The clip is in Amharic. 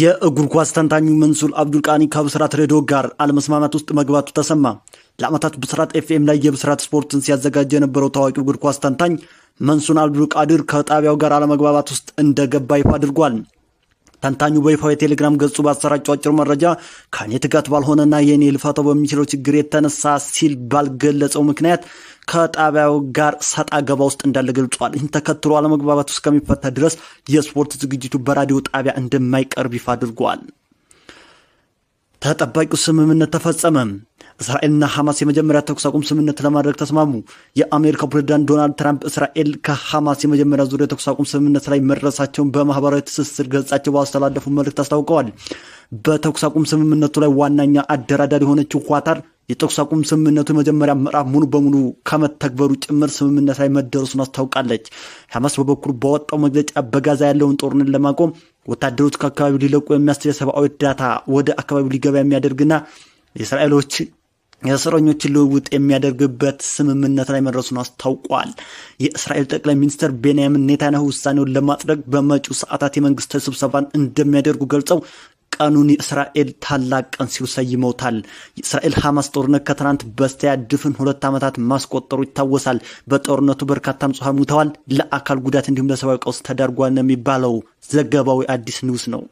የእግር ኳስ ተንታኙ መንሱር አብዱልቃኒ ከብስራት ሬዲዮ ጋር አለመስማማት ውስጥ መግባቱ ተሰማ። ለአመታት ብስራት ኤፍኤም ላይ የብስራት ስፖርትን ሲያዘጋጅ የነበረው ታዋቂው እግር ኳስ ተንታኝ መንሱን አብዱልቃድር ከጣቢያው ጋር አለመግባባት ውስጥ እንደገባ ይፋ አድርጓል። ተንታኙ በይፋው የቴሌግራም ገጹ ባሰራጨው አጭር መረጃ ከእኔ ትጋት ባልሆነና የእኔ ልፋተው በሚችለው ችግር የተነሳ ሲል ባልገለጸው ምክንያት ከጣቢያው ጋር ሰጣ ገባ ውስጥ እንዳለ ገልጿል። ይህን ተከትሎ አለመግባባት እስከሚፈታ ድረስ የስፖርት ዝግጅቱ በራዲዮ ጣቢያ እንደማይቀርብ ይፋ አድርጓል። ተጠባቂው ስምምነት ተፈጸመ። እስራኤልና ሐማስ የመጀመሪያ ተኩስ አቁም ስምምነት ለማድረግ ተስማሙ። የአሜሪካው ፕሬዚዳንት ዶናልድ ትራምፕ እስራኤል ከሐማስ የመጀመሪያ ዙሪያ የተኩስ አቁም ስምምነት ላይ መድረሳቸውን በማህበራዊ ትስስር ገጻቸው ባስተላለፉ መልእክት አስታውቀዋል። በተኩስ አቁም ስምምነቱ ላይ ዋነኛ አደራዳሪ የሆነችው ኳታር የተኩስ አቁም ስምምነቱ የመጀመሪያ ምዕራፍ ሙሉ በሙሉ ከመተግበሩ ጭምር ስምምነት ላይ መደረሱን አስታውቃለች። ሐማስ በበኩሉ በወጣው መግለጫ በጋዛ ያለውን ጦርነት ለማቆም ወታደሮች ከአካባቢው ሊለቁ የሚያስችል የሰብአዊ እርዳታ ወደ አካባቢው ሊገባ የሚያደርግና የእስራኤሎች የእስረኞችን ልውውጥ የሚያደርግበት ስምምነት ላይ መድረሱን አስታውቋል። የእስራኤል ጠቅላይ ሚኒስትር ቤንያሚን ኔታንያሁ ውሳኔውን ለማጽደቅ በመጪው ሰዓታት የመንግስታዊ ስብሰባን እንደሚያደርጉ ገልጸው ቀኑን የእስራኤል ታላቅ ቀን ሲሉ ሰይመውታል። የእስራኤል ሐማስ ጦርነት ከትናንት በስቲያ ድፍን ሁለት ዓመታት ማስቆጠሩ ይታወሳል። በጦርነቱ በርካታ ንጹሐን ሙተዋል፣ ለአካል ጉዳት እንዲሁም ለሰብአዊ ቀውስ ተዳርጓል ነው የሚባለው። ዘገባዊ አዲስ ኒውስ ነው።